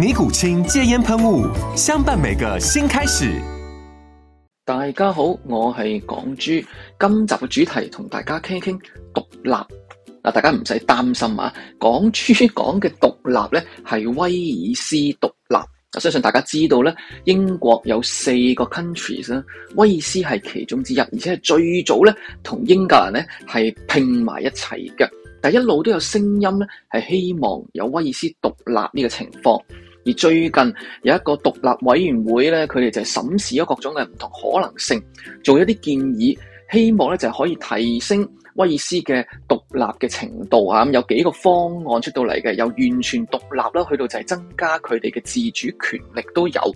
尼古清戒煙噴霧，相伴每個新開始。大家好，我係港珠。今集嘅主題同大家傾傾獨立嗱，大家唔使擔心啊。港珠講嘅獨立咧係威爾斯獨立，我相信大家知道咧，英國有四個 countries 威爾斯係其中之一，而且係最早咧同英格蘭咧係埋一齊嘅，但一路都有聲音咧係希望有威爾斯獨立呢個情況。而最近有一個獨立委員會咧，佢哋就審視咗各種嘅唔同的可能性，做一啲建議，希望咧就係可以提升威爾斯嘅獨立嘅程度啊！咁有幾個方案出到嚟嘅，由完全獨立啦，去到就係增加佢哋嘅自主權力都有。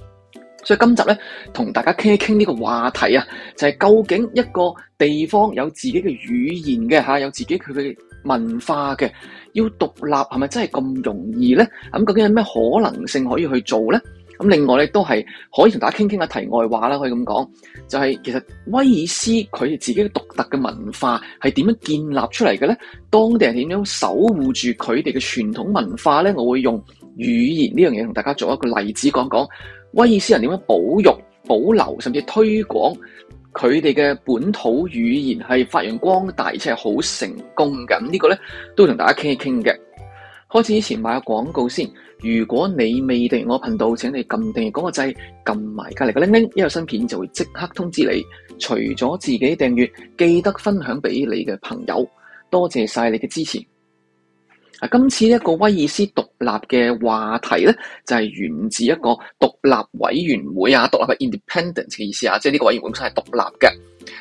所以今集咧，同大家傾一傾呢個話題啊，就係、是、究竟一個地方有自己嘅語言嘅嚇，有自己佢嘅，文化嘅要獨立係咪真係咁容易呢？咁究竟有咩可能性可以去做呢？咁另外咧都係可以同大家傾傾下題外話啦。可以咁講，就係其實威爾斯佢自己獨特嘅文化係點樣建立出嚟嘅呢？當地人點樣守護住佢哋嘅傳統文化呢？我會用語言呢樣嘢同大家做一個例子講講，威爾斯人點樣保育、保留甚至推廣。佢哋嘅本土語言係發揚光大，且係好成功嘅。這個、呢個咧都同大家傾一傾嘅。開始之前買下廣告先。如果你未訂我頻道，請你撳訂，嗰個掣，撳埋隔離嘅鈴鈴，一有新片就會即刻通知你。除咗自己訂閱，記得分享俾你嘅朋友。多謝晒你嘅支持。今次一個威爾斯獨立嘅話題咧，就係源自一個獨立委員會啊，獨立嘅 independence 嘅意思啊，即係呢個委員會本身係獨立嘅。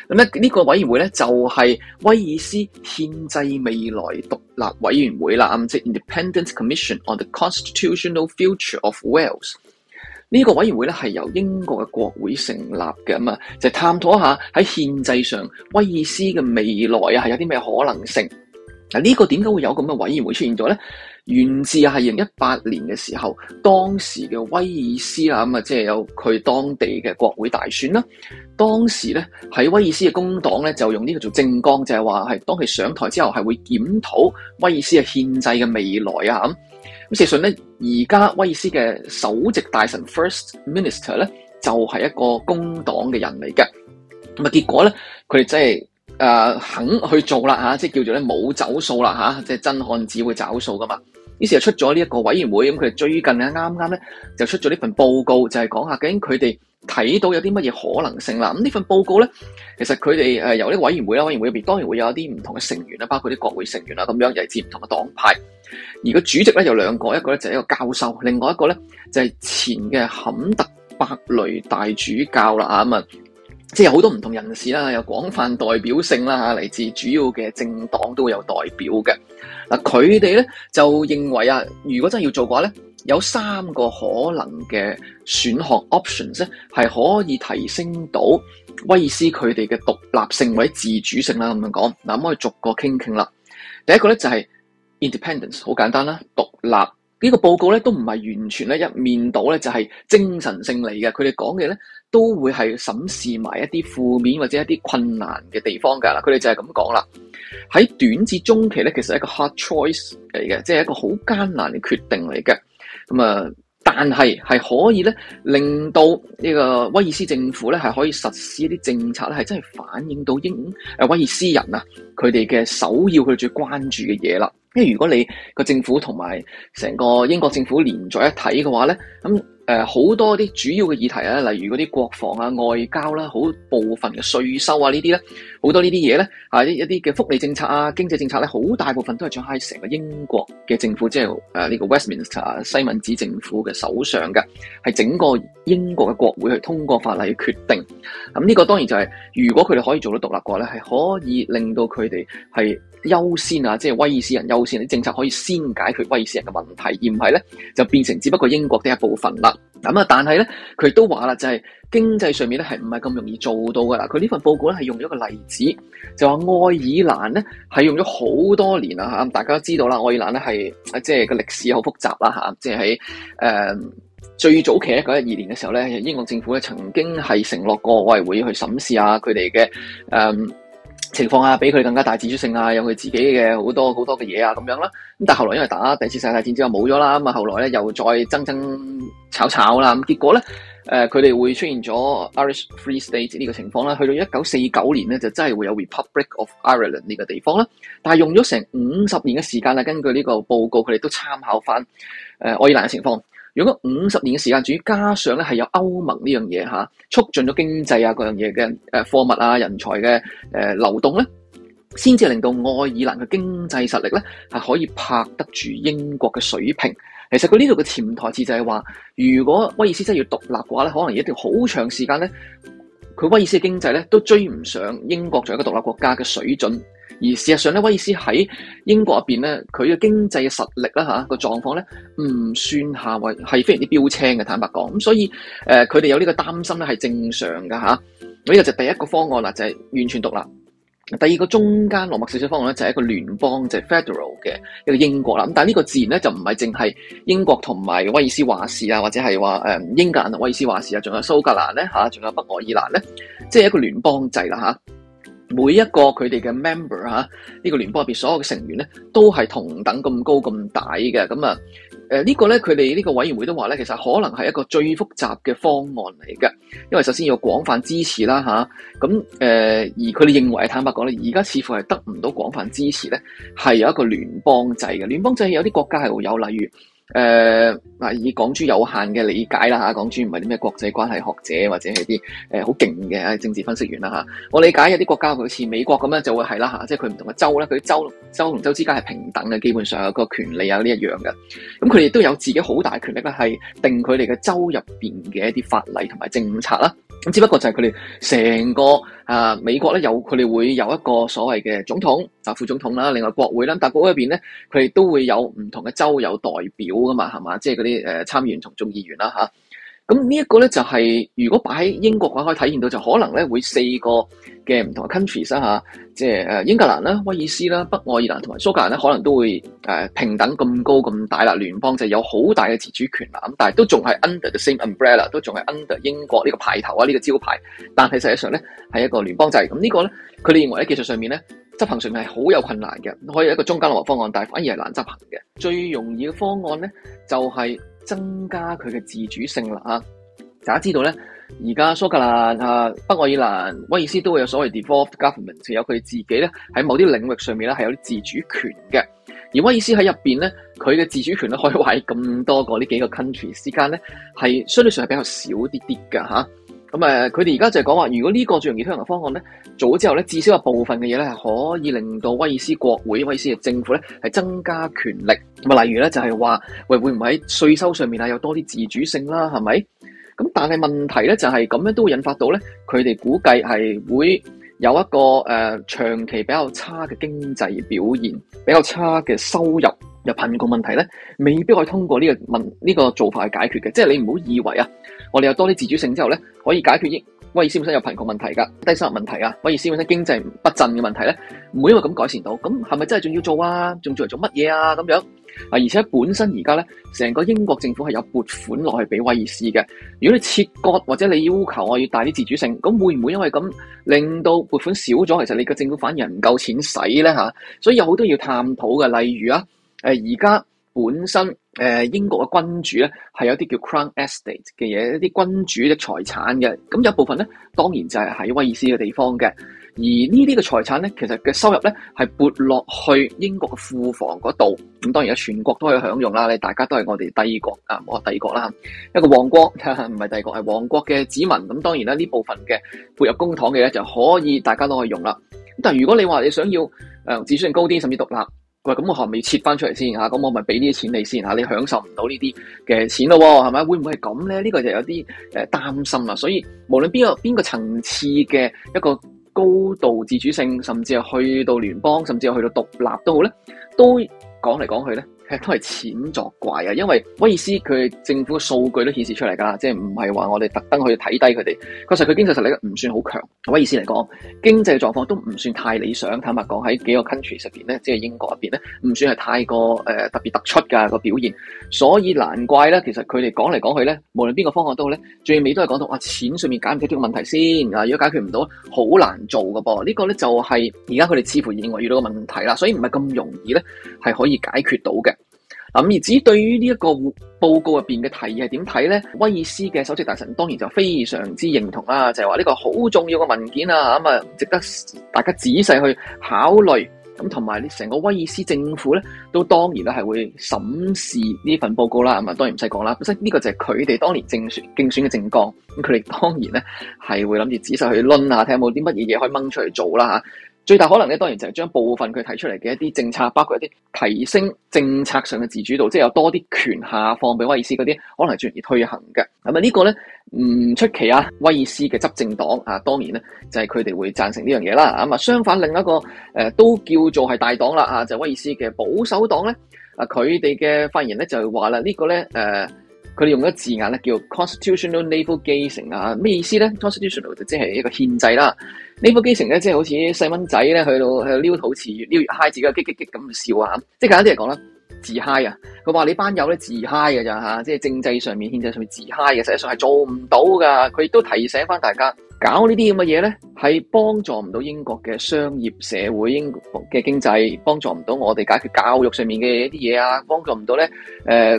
咁咧呢個委員會咧、這個、就係威爾斯憲制未來獨立委員會啦，即、就是、Independence Commission on the Constitutional Future of Wales。呢、這個委員會咧係由英國嘅國會成立嘅，咁啊就是、探討一下喺憲制上威爾斯嘅未來啊，係有啲咩可能性？嗱，呢個點解會有咁嘅委員會出現咗咧？源自係二零一八年嘅時候，當時嘅威爾斯啊咁啊，即係有佢當地嘅國會大選啦。當時咧喺威爾斯嘅工黨咧就用呢個做政綱，就係話係當佢上台之後係會檢討威爾斯嘅憲制嘅未來啊咁。咁、嗯、事實上咧，而家威爾斯嘅首席大臣 First Minister 咧就係、是、一個工黨嘅人嚟嘅，咁啊結果咧佢哋真係。他誒、呃，肯去做啦吓、啊，即係叫做咧冇走數啦吓，即係真漢子會走數噶嘛。於是就出咗呢一個委員會，咁佢最近咧啱啱咧就出咗呢份報告，就係、是、講下究竟佢哋睇到有啲乜嘢可能性啦。咁、嗯、呢份報告咧，其實佢哋誒由呢個委員會啦，委員會入邊當然會有一啲唔同嘅成員啦，包括啲國會成員啦，咁樣嚟自唔同嘅黨派。而個主席咧有兩個，一個咧就係一個教授，另外一個咧就係、是、前嘅坎特伯雷大主教啦啊嘛。嗯即係好多唔同人士啦，有廣泛代表性啦，嚟自主要嘅政黨都會有代表嘅。嗱，佢哋咧就認為啊，如果真係要做嘅話咧，有三個可能嘅選項 options 咧，係可以提升到威爾斯佢哋嘅獨立性或者自主性啦。咁樣講，嗱，可以逐個傾傾啦。第一個咧就係 independence，好簡單啦，獨立。呢個報告咧都唔係完全咧一面到咧，就係精神性嚟嘅。佢哋講嘅咧。都會係審視埋一啲負面或者一啲困難嘅地方㗎啦，佢哋就係咁講啦。喺短至中期咧，其實係一個 hard choice 嚟嘅，即係一個好艱難嘅決定嚟嘅。咁啊，但係係可以咧，令到呢個威爾斯政府咧係可以實施一啲政策咧，係真係反映到英誒、啊、威爾斯人啊，佢哋嘅首要佢最關注嘅嘢啦。因為如果你個政府同埋成個英國政府連在一體嘅話咧，咁、嗯。誒，好、呃、多啲主要嘅議題，例如嗰啲國防啊、外交啦、啊，好部分嘅稅收啊呢啲咧，好多呢啲嘢咧啊，一啲嘅福利政策啊、經濟政策咧、啊，好大部分都係掌握喺成個英國嘅政府，即係誒呢個 Westminster、啊、西敏寺政府嘅手上嘅，係整個英國嘅國會去通過法例決定。咁、嗯、呢、呢個當然就係、是、如果佢哋可以做到獨立國呢，咧，係可以令到佢哋係。優先啊，即係威爾斯人優先，啲政策可以先解決威爾斯人嘅問題，而唔係咧就變成只不過英國的一部分啦。咁啊，但係咧佢都話啦，就係經濟上面咧係唔係咁容易做到噶啦？佢呢份報告咧係用咗個例子，就話愛爾蘭咧係用咗好多年啦嚇。大家都知道啦，愛爾蘭咧係即係個歷史好複雜啦嚇，即係喺誒最早期一九一二年嘅時候咧，英國政府咧曾經係承諾過，我哋會去審視下佢哋嘅誒，嗯情況啊，比佢哋更加大自主性啊，有佢自己嘅好多好多嘅嘢啊，咁樣啦。咁但係後來因為打第二次世界大戰之後冇咗啦，咁啊後來咧又再爭爭炒炒啦，咁結果咧，呃、佢哋會出現咗 Irish Free State 呢個情況啦。去到一九四九年咧，就真係會有 Republic of Ireland 呢個地方啦。但係用咗成五十年嘅時間啦，根據呢個報告，佢哋都參考翻誒愛爾蘭嘅情況。如果五十年嘅時間主要加上咧係有歐盟呢樣嘢吓，促進咗經濟啊各樣嘢嘅誒貨物啊人才嘅誒、呃、流動咧，先至令到愛爾蘭嘅經濟實力咧係可以拍得住英國嘅水平。其實佢呢度嘅潛台詞就係話，如果威爾斯真係要獨立嘅話咧，可能一定要好長時間咧，佢威爾斯嘅經濟咧都追唔上英國作為一個獨立國家嘅水準。而事實上咧，威爾斯喺英國入邊咧，佢嘅經濟嘅實力啦嚇個狀況咧，唔算下位，係非常之標青嘅。坦白講，咁所以誒，佢、呃、哋有呢個擔心咧，係正常㗎吓，呢、啊這個就第一個方案啦，就係、是、完全獨立。第二個中間落墨少少方案咧，就係、是、一個聯邦，就係、是、federal 嘅一個英國啦。咁、啊、但係呢個自然咧，就唔係淨係英國同埋威爾斯華士啊，或者係話誒英格蘭、威爾斯華士啊，仲有蘇格蘭咧嚇，仲有北愛爾蘭咧，即、啊、係、就是、一個聯邦制啦嚇。啊每一個佢哋嘅 member 嚇、啊、呢、呢個聯邦入邊所有嘅成員咧，都係同等咁高咁大嘅。咁啊誒、呢個、呢個咧，佢哋呢個委員會都話咧，其實可能係一個最複雜嘅方案嚟嘅。因為首先要廣泛支持啦吓，咁、啊、誒、啊、而佢哋認為係坦白講咧，而家似乎係得唔到廣泛支持咧，係有一個聯邦制嘅。聯邦制係有啲國家係會有，例如。誒，嗱、呃、以港珠有限嘅理解啦吓，港珠唔係啲咩國際關係學者或者係啲誒好勁嘅政治分析員啦吓，我理解有啲國家好似美國咁樣，就會係啦吓，即係佢唔同嘅州啦，佢州州同州之間係平等嘅，基本上有個權利啊呢一樣嘅，咁佢哋都有自己好大權力嘅，係定佢哋嘅州入邊嘅一啲法例同埋政策啦。咁只不過就係佢哋成個啊美國咧，有佢哋會有一個所謂嘅總統啊副總統啦，另外國會啦，但係國會入邊咧，佢哋都會有唔同嘅州有代表㗎嘛係嘛，係即係嗰啲誒參議員同眾議員啦嚇。啊咁呢一個咧就係、是，如果擺喺英國嘅話，可以體現到就可能咧會四個嘅唔同嘅 countries 啦吓，即係英格蘭啦、威爾斯啦、北愛爾蘭同埋蘇格蘭咧，可能都會、呃、平等咁高咁大啦，聯邦制有好大嘅自主權啦，咁但係都仲係 under the same umbrella，都仲係 under 英國呢個牌頭啊呢、呢個招牌，但係實際上咧係一個聯邦制，咁呢個咧佢哋認為喺技術上面咧執行上面係好有困難嘅，可以有一個中間嘅方案，但係反而係難執行嘅，最容易嘅方案咧就係、是。增加佢嘅自主性啦嚇，大家知道咧，而家蘇格蘭、啊北愛爾蘭、威爾斯都會有所謂 devolved government，就有佢自己咧喺某啲領域上面咧係有啲自主權嘅。而威爾斯喺入面咧，佢嘅自主權咧可以話喺咁多個呢幾個 country 之間咧係相對上係比較少啲啲嘅嚇咁誒，佢哋而家就係講話，如果呢個最容易推行嘅方案咧，做咗之後咧，至少有部分嘅嘢咧，係可以令到威爾斯國會、威爾斯嘅政府咧，係增加權力。咁啊，例如咧就係話，喂，會唔會喺稅收上面啊，有多啲自主性啦？係咪？咁但係問題咧就係咁樣都會引發到咧，佢哋估計係會有一個誒長期比較差嘅經濟表現，比較差嘅收入，又貧窮問題咧，未必可以通過呢個問呢個做法去解決嘅。即係你唔好以為啊。我哋有多啲自主性之後咧，可以解決英威爾斯本身有貧窮問題噶、低收入問題啊、威爾斯本身經濟不振嘅問題咧，唔會因為咁改善到。咁係咪真係仲要做啊？仲做嚟做乜嘢啊？咁樣啊！而且本身而家咧，成個英國政府係有撥款落去俾威爾斯嘅。如果你切割或者你要求我要大啲自主性，咁會唔會因為咁令到撥款少咗？其實你個政府反而唔夠錢使咧嚇、啊、所以有好多要探討嘅，例如啊，呃、而家本身。誒英國嘅君主咧係有啲叫 Crown Estate 嘅嘢，一啲君主嘅財產嘅，咁有部分咧當然就係喺威爾斯嘅地方嘅。而財呢啲嘅財產咧，其實嘅收入咧係撥落去英國嘅庫房嗰度。咁當然，全國都可以享用啦。你大家都係我哋帝國啊，我帝國啦，一個王國，唔係帝國，係王國嘅子民。咁當然啦，呢部分嘅撥入公帑嘅咧就可以大家都可以用啦。咁但如果你話你想要誒、呃、自尊高啲，甚至獨立。喂，咁我可唔可以撤翻出嚟先？咁我咪俾啲錢你先、啊、你享受唔到呢啲嘅錢咯，係咪？會唔會係咁咧？呢、呢個就有啲誒擔心啦。所以無論邊個邊個層次嘅一個高度自主性，甚至係去到聯邦，甚至係去到獨立都好咧，都講嚟講去咧。都係錢作怪啊！因為威爾斯佢政府嘅數據都顯示出嚟㗎啦，即係唔係話我哋特登去睇低佢哋。確實佢經濟實力唔算好強，威爾斯嚟講經濟狀況都唔算太理想。坦白講喺幾個 country 入邊咧，即係英國入邊咧，唔算係太過誒、呃、特別突出㗎、嗰個表現。所以難怪咧，其實佢哋講嚟講去咧，無論邊個方案都好咧，最尾都係講到哇、啊、錢上面解決啲問題先啊！如果解決唔到，好難做嘅噃。這個、呢個咧就係而家佢哋似乎認為遇到個問題啦。所以唔係咁容易咧，係可以解決到嘅。咁而至於對於呢一個報告入邊嘅提議係點睇咧？威爾斯嘅首席大臣當然就非常之認同啦、啊，就係話呢個好重要嘅文件啊，咁、嗯、啊，值得大家仔細去考慮。咁同埋，呢成個威爾斯政府咧，都當然啦係會審視呢份報告啦。咁、嗯、啊，當然唔使講啦，咁即呢個就係佢哋當年政競選競選嘅政綱。咁佢哋當然咧係會諗住仔細去論下，睇下有冇啲乜嘢嘢可以掹出嚟做啦吓。最大可能咧，當然就係將部分佢提出嚟嘅一啲政策，包括一啲提升政策上嘅自主度，即係有多啲權下放俾威爾斯嗰啲，可能係全力推行嘅。咁、這、啊、個，呢個咧唔出奇啊，威爾斯嘅執政黨啊，當然咧就係佢哋會贊成呢樣嘢啦。咁啊，相反另一個、呃、都叫做係大黨啦、就是、啊，就威爾斯嘅保守黨咧啊，佢哋嘅發言咧就係話啦，呢個咧佢哋用咗字眼咧，叫 constitutional navel gazing 啊，咩意思咧？constitutional 就即係一個憲制啦。navel gazing 咧，即係好似細蚊仔咧，去到去撩肚臍、撩嗨自己啊，激激激咁笑啊，即係簡單啲嚟講啦，自嗨啊！佢話你班友咧自嗨嘅咋吓？即係政制上面、憲制上面自嗨嘅，實際上係做唔到噶。佢亦都提醒翻大家。搞呢啲咁嘅嘢咧，係幫助唔到英國嘅商業社會、英國嘅經濟，幫助唔到我哋解決教育上面嘅一啲嘢啊，幫助唔到咧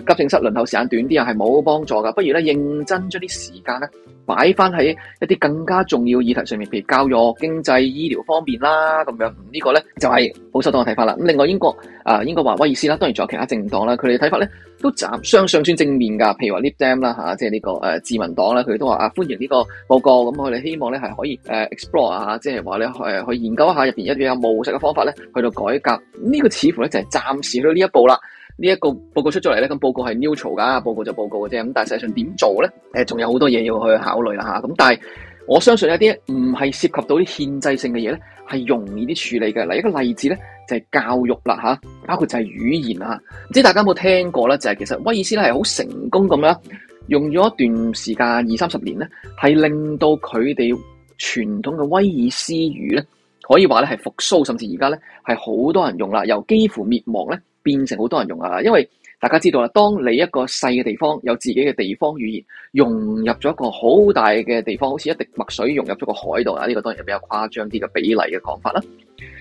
急症室輪候時間短啲啊，係冇幫助噶。不如咧認真將啲時間咧擺翻喺一啲更加重要議題上面，譬如教育、經濟、醫療方面啦，咁樣、這個、呢個咧就係保守黨嘅睇法啦。咁另外英國啊、呃，英國華威爾斯啦，當然仲有其他政黨啦，佢哋嘅睇法咧都站雙上村正面噶。譬如話 Lib Dem 啦、啊、即係呢、這個、呃、自民黨啦，佢都話啊歡迎呢個報告咁，我哋希希望咧係可以誒 explore 下，即係話咧誒去研究一下入邊一啲有務實嘅方法咧，去到改革呢、這個似乎咧就係、是、暫時到呢一步啦。呢、這、一個報告出咗嚟咧，咁報告係 neutral 噶，報告就報告嘅啫。咁但係實際上點做咧？誒，仲有好多嘢要去考慮啦嚇。咁但係我相信一啲唔係涉及到啲憲制性嘅嘢咧，係容易啲處理嘅。嗱，一個例子咧就係、是、教育啦嚇，包括就係語言啊。唔知大家有冇聽過咧？就係、是、其實威爾斯咧係好成功咁樣。用咗一段時間，二三十年咧，係令到佢哋傳統嘅威爾斯語咧，可以話咧係復甦，甚至而家咧係好多人用啦，由幾乎滅亡咧變成好多人用啦。因為大家知道啦，當你一個細嘅地方有自己嘅地方語言，融入咗一個好大嘅地方，好似一滴墨水融入咗個海度啦。呢個當然係比較誇張啲嘅比例嘅講法啦。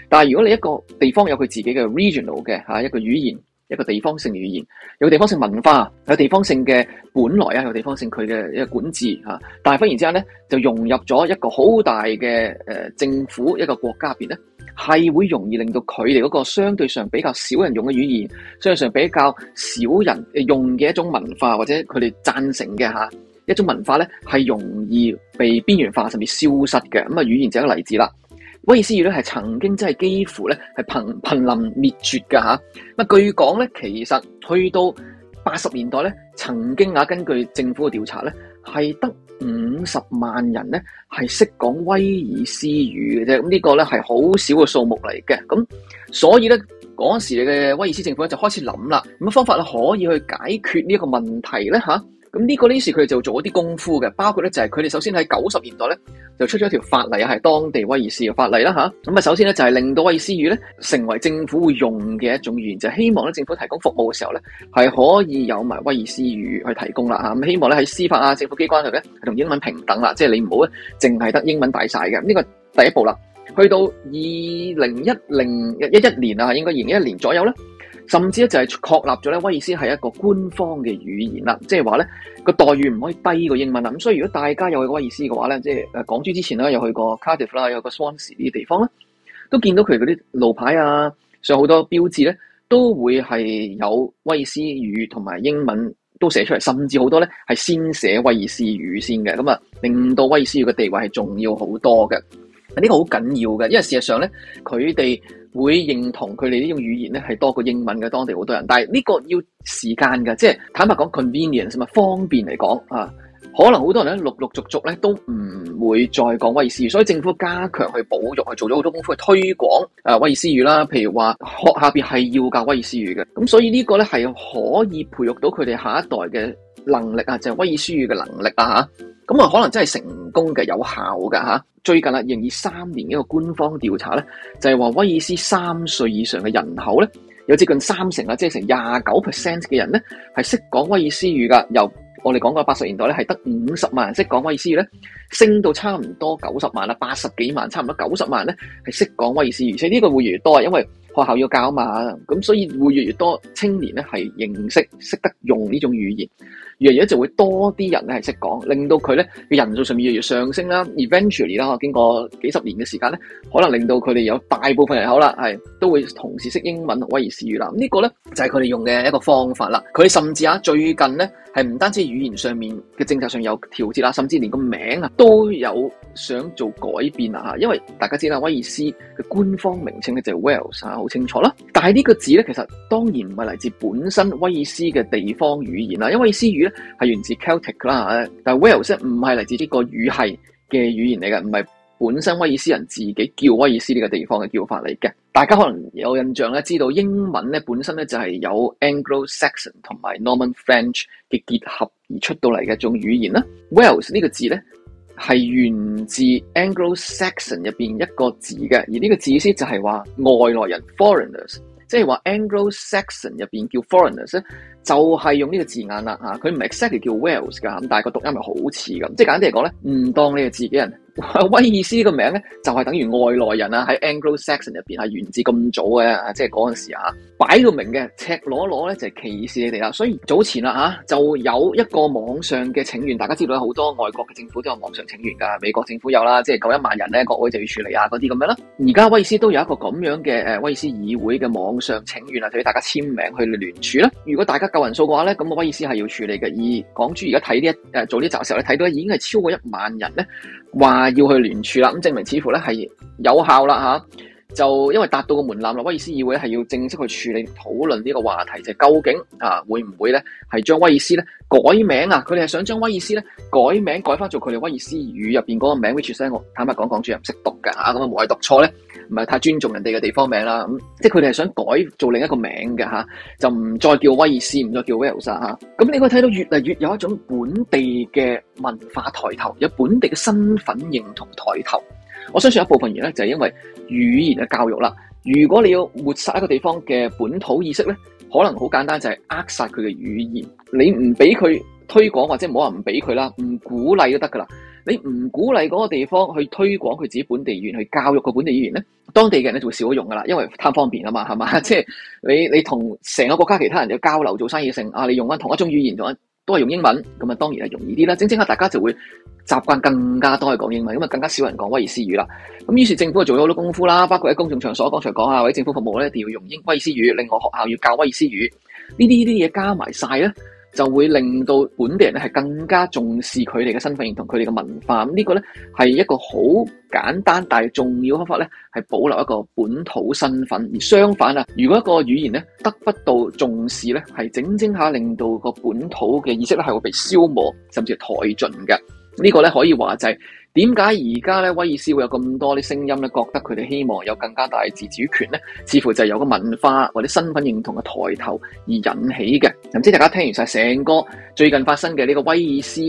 但係如果你一個地方有佢自己嘅 regional 嘅吓一個語言。一個地方性語言，有地方性文化，有地方性嘅本來啊，有地方性佢嘅一個管治吓，但係忽然之間咧就融入咗一個好大嘅誒政府一個國家入面咧，係會容易令到佢哋嗰個相對上比較少人用嘅語言，相對上比較少人用嘅一種文化或者佢哋贊成嘅吓一種文化咧，係容易被邊緣化甚至消失嘅，咁啊語言就是一個例子啦。威爾斯語咧係曾經真係幾乎咧係瀕瀕臨滅絕噶吓，咁據講咧其實去到八十年代咧，曾經啊根據政府嘅調查咧係得五十萬人咧係識講威爾斯語嘅啫，咁呢個咧係好少嘅數目嚟嘅，咁所以咧嗰時嘅威爾斯政府咧就開始諗啦，咁乜方法可以去解決呢一個問題咧吓？咁呢個呢時佢哋就做咗啲功夫嘅，包括咧就係佢哋首先喺九十年代咧就出咗條法例啊，係當地威爾斯嘅法例啦吓咁啊，首先咧就係令到威爾斯語咧成為政府會用嘅一種語言，就希望咧政府提供服務嘅時候咧係可以有埋威爾斯語去提供啦吓，咁希望咧喺司法啊，政府機關度咧同英文平等啦，即係你唔好咧淨係得英文大晒嘅。呢、呢個第一步啦。去到二零一零一一年啊，應該二零一一年左右咧。甚至咧就係確立咗咧威爾斯係一個官方嘅語言啦，即係話咧個待遇唔可以低過英文啦。咁所以如果大家有去威爾斯嘅話咧，即係誒港豬之前啦，有去過 Cardiff 啦，有個 Swansea 啲地方咧，都見到佢嗰啲路牌啊，上好多標誌咧，都會係有威爾斯語同埋英文都寫出嚟，甚至好多咧係先寫威爾斯語先嘅，咁啊令到威爾斯語嘅地位係重要好多嘅。呢個好緊要嘅，因為事實上咧佢哋。會認同佢哋呢種語言咧，係多過英文嘅當地好多人。但係呢個要時間㗎。即係坦白講 convenience 咪方便嚟講啊，可能好多人咧陸陸續續咧，都唔會再講威爾斯語。所以政府加強去保育，去做咗好多功夫去推廣誒、啊、威爾斯語啦。譬如話學下邊係要教威爾斯語嘅咁，所以呢個咧係可以培育到佢哋下一代嘅能力啊，就係威爾斯語嘅能力啊。吓。咁啊，可能真係成功嘅、有效㗎。吓。最近啦，二零二三年一個官方調查咧，就係話威爾斯三歲以上嘅人口咧，有接近三成啊，即係成廿九 percent 嘅人咧，係識講威爾斯語噶。由我哋講過八十年代咧，係得五十萬人識講威爾斯語咧，升到差唔多九十萬啦，八十幾萬，差唔多九十萬咧，係識講威爾斯語。而且呢個會越嚟越多啊，因為學校要教啊嘛，咁所以會越嚟越多青年咧係認識、識得用呢種語言。樣樣就會多啲人咧係識講，令到佢咧嘅人數上面越嚟越上升啦。Eventually 啦，經過幾十年嘅時間咧，可能令到佢哋有大部分人口啦，係都會同時識英文同威爾斯語啦。呢個咧就係佢哋用嘅一個方法啦。佢甚至啊，最近咧係唔單止語言上面嘅政策上有調節啦，甚至連個名啊都有想做改變啦，吓。因為大家知啦，威爾斯嘅官方名稱呢就係 Wales 啊，好清楚啦。但係呢個字咧，其實當然唔係嚟自本身威爾斯嘅地方語言啦，因為威爾斯語咧。係源自 Celtic 啦，但係 Wales 唔係嚟自呢個語系嘅語言嚟嘅，唔係本身威爾斯人自己叫威爾斯呢個地方嘅叫法嚟嘅。大家可能有印象咧，知道英文咧本身咧就係有 Anglo-Saxon 同埋 Norman-French 嘅結合而出到嚟嘅一種語言啦。Wales 呢、well、個字咧係源自 Anglo-Saxon 入邊一個字嘅，而呢個字意思就係話外來人 foreigners。Foreign ers, 即係話 Anglo-Saxon 入邊叫 foreigners 咧，就係用呢個字眼啦吓，佢、啊、唔係 exactly 叫 Welsh 㗎，咁但係個讀音係好似㗎，即係簡單嚟講咧，唔當你係自己人。 威爾斯個名咧，就係、是、等於外來人啊！喺 Anglo-Saxon 入邊係源自咁早嘅，即係嗰陣時啊，擺到明嘅赤裸裸咧就係歧視你哋啦。所以早前啦、啊、嚇，就有一個網上嘅請願，大家知道好多外國嘅政府都有網上請願噶，美國政府有啦，即係夠一萬人咧，國會就要處理啊嗰啲咁樣啦、啊。而家威爾斯都有一個咁樣嘅誒威爾斯議會嘅網上請願啊，就畀大家簽名去聯署啦。如果大家夠人數嘅話咧，咁、那、我、個、威爾斯係要處理嘅。而港珠而家睇呢一誒、呃、做呢集嘅時候，你睇到已經係超過一萬人咧話。啊！要去聯署啦，咁證明似乎咧係有效啦吓。就因為達到個門檻啦，威爾斯議會係要正式去處理討論呢個話題，就係、是、究竟啊會唔會咧係將威爾斯咧改名啊？佢哋係想將威爾斯咧改名改翻做佢哋威爾斯語入面嗰個名，which s 我坦白講講主任唔識讀噶，咁啊無謂讀錯咧，唔係太尊重人哋嘅地方名啦。咁、啊、即係佢哋係想改做另一個名嘅嚇、啊，就唔再叫威爾斯，唔再叫威爾士嚇。咁、well 啊、你可以睇到越嚟越有一種本地嘅文化抬頭，有本地嘅身份認同抬頭。我相信一部分原因就係、是、因為語言嘅教育啦。如果你要抹殺一個地方嘅本土意識呢，可能好簡單就係扼殺佢嘅語言。你唔俾佢推廣或者冇人話唔俾佢啦，唔鼓勵都得噶啦。你唔鼓勵嗰個地方去推廣佢自己本地語言，去教育個本地語言呢，當地嘅人咧就會少咗用噶啦，因為貪方便啊嘛，係嘛？即、就、係、是、你你同成個國家其他人嘅交流做生意性，啊，你用翻同一種語言咗。同一都係用英文，咁啊當然係容易啲啦。正正啊，大家就會習慣更加多去講英文，咁啊更加少人講威爾斯語啦。咁於是政府就做咗好多功夫啦，包括喺公眾場所，剛才講啊，或者政府服務咧一定要用英威爾斯語，另外學校要教威爾斯語，呢啲呢啲嘢加埋晒咧。就會令到本地人咧係更加重視佢哋嘅身份認同、佢哋嘅文化。呢個呢係一個好簡單但係重要嘅方法呢，係保留一個本土身份。而相反啊，如果一個語言呢得不到重視呢，係整整一下令到個本土嘅意識咧係會被消磨甚至係殆盡嘅。呢個呢可以話就係。點解而家咧威爾斯會有咁多啲聲音咧，覺得佢哋希望有更加大自主權咧？似乎就係有個文化或者身份認同嘅抬頭而引起嘅。唔知大家聽完晒成個最近發生嘅呢個威爾斯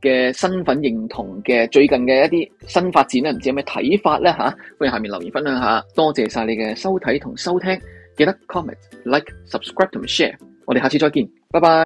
嘅身份認同嘅最近嘅一啲新發展咧，唔知有咩睇法咧吓？歡迎下面留言分享下。多謝晒你嘅收睇同收聽，記得 comment、like、subscribe 同 share。我哋下次再見，拜拜。